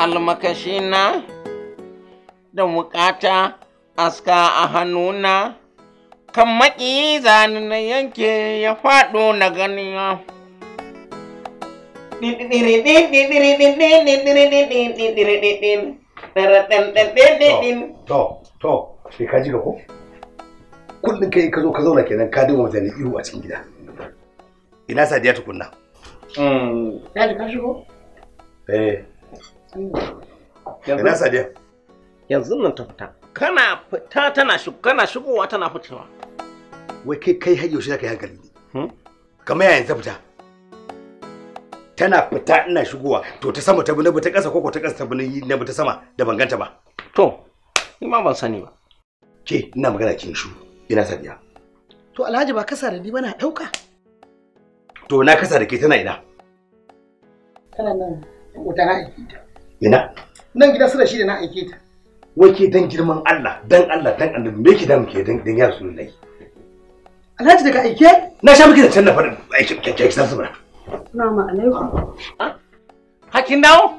almakashina da wuƙata aska a hannuna kan maƙi zani na yanke ya faɗo na gani To, to, sai ka ji ga ko? Kullum kai ka zo ka zauna kenan ka dinga mutane ihu a cikin gida. Ina sadiya tukunna. Sadi hmm. ka shigo? Eh. Ina sadiya. Yanzu nan ta fita. Kana fita tana kana shigowa tana fitowa. Wai kai kai har yaushe zaka yi hankali ne? Hmm? Kamar yayin ta fita. Tana fita ina shigowa to ta sama ta bi na ta ƙasa koko ta ƙasa ta bi na ta sama da ban ganta ba. To, ni ma ban sani ba. Ke ina magana kin shu ina sadiya. To Alhaji ba kasa da ni bana ɗauka. To na kasa da ke tana ina. Tana nan, wuta na aiki ta. ina nan gida sura shi da na aike ta wake dan girman Allah dan Allah dan Allah, me ke damu ke dan dan ya rasulullahi Alhaji daga aike na sha miki da can na faɗin aiki kyakkyawa san sabra Assalamu alaikum Hakin dawo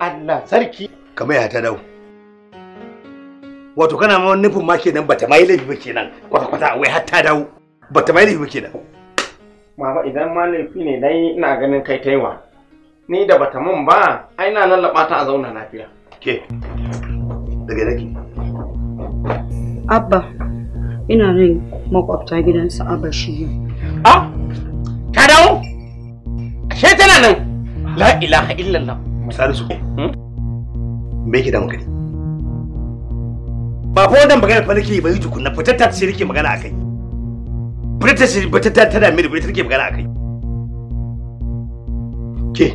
Allah sarki kamar ya ta dawo wato kana ma nufin ma nan bata mai laifi ba nan kwata kwata wai har ta dawo bata mai laifi ba nan. Mama idan ma laifi ne dai ina ganin kai taiwa ni da bata mun ba ai na lallaba ta a zauna lafiya ke daga daki abba ina rin makwabta gidansa abba shi ah, a ka dawo ashe tana nan la ilaha illallah su hmm? me yake da ne ba fa wannan magana fa nake bai tukunna fitar ta ce nake magana akai fitar ta ce fitar ta tana mini fitar ke magana akai ke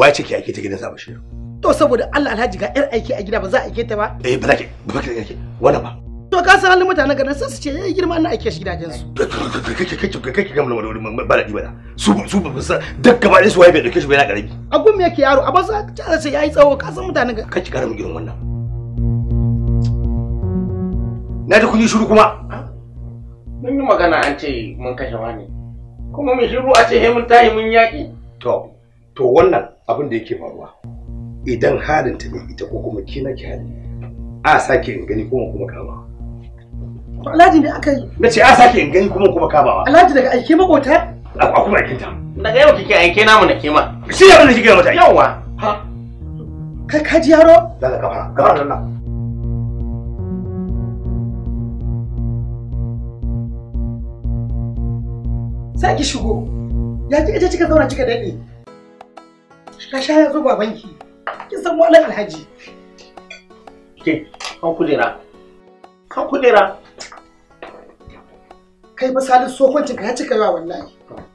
wace ke ake ta gidan sa Bashir to saboda Allah Alhaji ga yar aiki a gida ba za a aike ta ba eh ba za ke ba ki aike wala ba to ka san halin mutanen garin sun su ce yayi eh, girma na aike shi gidajen su kake gamla wani wani ba da ba. da su su ba san duk gaba ɗaya su waye bai dauke shi ba yana karami a gun me yake yaro a ba za ka sai yayi tsawo ka san mutanen garin kake karamin girman wannan na da kun yi shiru kuma mun yi magana an ce mun kashe wani kuma mun shiru a ce he mun tahi mun yaƙi to to wannan abin da yake faruwa idan halin ta ne ita ko kuma ke nake hali a sake in gani kuma kuma kama to alhaji ne aka yi na ce a sake in gani kuma kuma kamawa alhaji daga aike makota a kuma aikinta daga yau kike aike namu na kema shi ya da kike mata yawa ha kai ka yaro daga kafa kafa nan sai ki shigo ya ki ita kika zauna kika daɗe Shasha ya zo babanki. Kin san malam Alhaji. Ke, kan kudera. Kan kudera. Kai fa Salisu sokoncin ka ya cika yawa wallahi.